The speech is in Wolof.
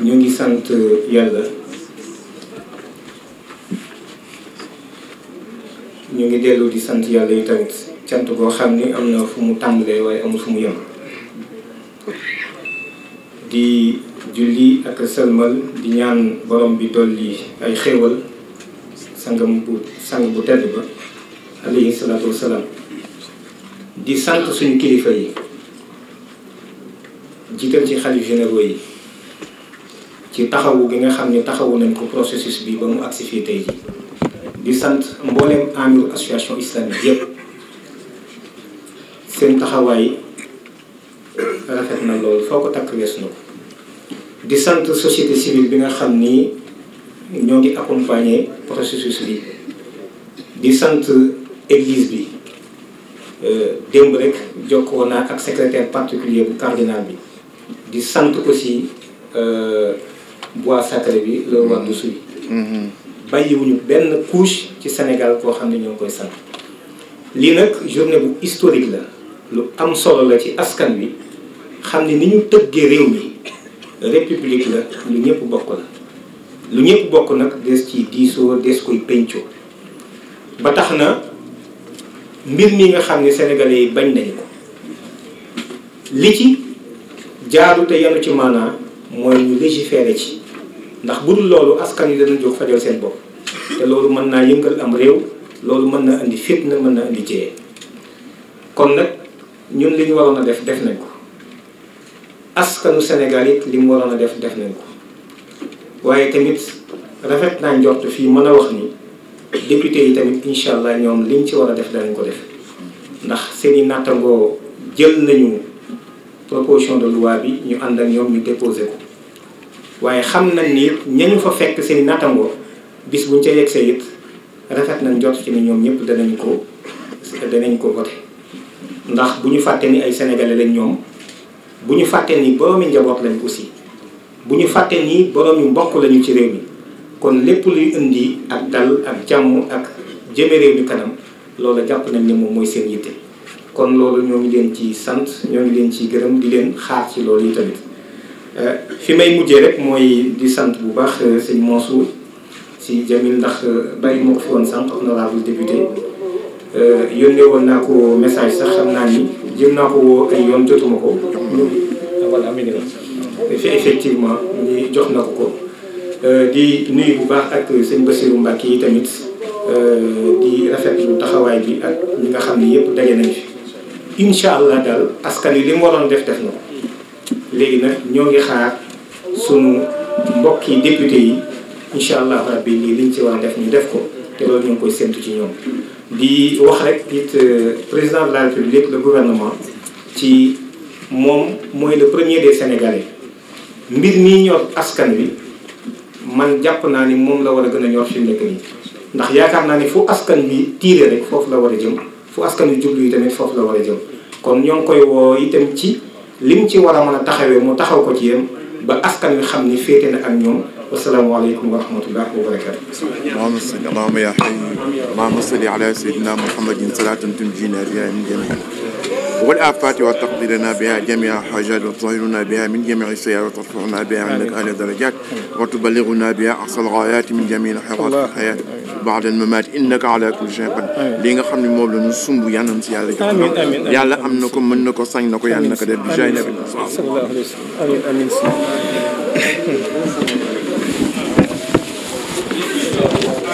ñu ngi sant yàlla ñu ngi delloo di sant yàlla yi tamit cant boo xam ni am na fu mu tàmbalee waaye amul fu mu yem di julli ak sëlmal di ñaan borom bi dolli ay xéewal sangam bu sang bu tedd ba alayhi salaatu wasalaam di sant suñu kilifa yi jiital ci xalif généraux yi ci taxawu bi nga xam ne taxawu nañ ko processus bi ba mu agsi fii di sant mbooleem amiru association islamique yépp seen taxawaay rafet na loolu foo ko takk wees na ko di sant société civile bi nga xam ni ñoo ngi accompagner processus bi di sant église bi euh, démb rek jokkoo ak secretaire particulier bu cardinal bi di sant aussi euh, bois sacré bi le roi de Souris bàyyiwuñu benn couche ci Sénégal koo xam ne ñoo koy sant lii nag journée bu historique la lu am solo la ci askan wi xam ne ni ñu tëggee réew mi république la lu ñëpp bokk lu ñëpp bokk nag des ci diisoo des koy pencoo ba tax na mbir mi nga xam ne sénégalais yi bañ nañ ko li ci jaaru te yanu ci maanaa mooy ñu légiférer ci ndax bu dul loolu askan yi dana jóg fajal seen bopp te loolu mën naa yëngal am réew loolu mën na indi fitna mën na indi jiyee kon nag ñun li ñu waroon a def def nañ ko askanu Sénégal it li mu waroon a def def nañ ko waaye tamit rafet naa njort fii mën a wax ni député yi tamit incha allah ñoom liñ ci war a def dañ ko def ndax seeni nattangoo jël nañu. proposition de loi bi ñu ànd ak ñoom ñu déposé ko waaye xam na ni ñañu fa fekk seen i bis bu ca yegg see rafet nañ jot ci ne ñoom ñëpp danañ ko danañ ko voté ndax bu ñu fàttee ni ay sénégalais lañ ñoom bu ñu fàttee ni boroomi njaboot lañ aussi bu ñu fàttee nii boroom yu mbokk lañu ci réew mi kon lépp luy indi ak dal ak jàmm ak jëme réew kanam loolu jàpp nañ ne moom mooy seen yitte. kon loolu ñoo ngi leen ci sant ñoo ngi leen ci gërëm di leen xaar ci loolu yi tamit euh, fi may mujjee rek mooy di sant bu baax euh, sëñ Mansour si Jamil ndax euh, bàyyi ma ko fi woon sànq honorable député yónnee woon naa ko message sax xam naa ni jëm naa ko woo ay yoon jotuma ko wala amee fi jox na ko ko di nuyu bu baax ak sëñ Bassirou Mbacke yi tamit di lu taxawaay bi ak ñi nga xam ne yëpp daje nañu incha allah daal askan yi li mu waroon def def na léegi nag ñoo ngi xaar sunu mbokki député yi incha allah rabbi lii liñ ci war def ñu def ko te loolu ñu ngi koy séntu ci ñoom. di wax rek it euh, président de la république le gouvernement ci moom mooy le premier des sénégalais mbir mii ñor askan wi man jàpp naa ni moom la war a gën a ñor fi nekk nii ndax yaakaar naa ni fu askan bi tiire rek foofu la war a jëm. fu askan wi jublu yi tamit foofu la war a jëm kon ñoo ngi koy woo itam ci lim ci war a mën a taxawee mu taxaw ko ci yem ba askan wi xam ni féete na ak ñoom wasalaamaaleykum wa rahmatullahi wa barakaatu. maama sali allahuma yaa xay maama sali ala sayidina muhammadin salaatan tunjina biha min jamiin wal afaati wa taqdirana biha jamia hajat wa tahiruna biha min jamii sayar wa tarfauna biha indaka ala darajat wa tuballiguna biha axsal gaayati min jamii xayaat ba'dal mamaat innaka ala kulli shay'in qadir lii nga xam ne moom la ñu sumb yal nañ si yàlla jox amiin yàlla am na ko mën na ko sañ na ko yàlla na ko def bi jaay nabi sallallahu alayhi amiin amiin si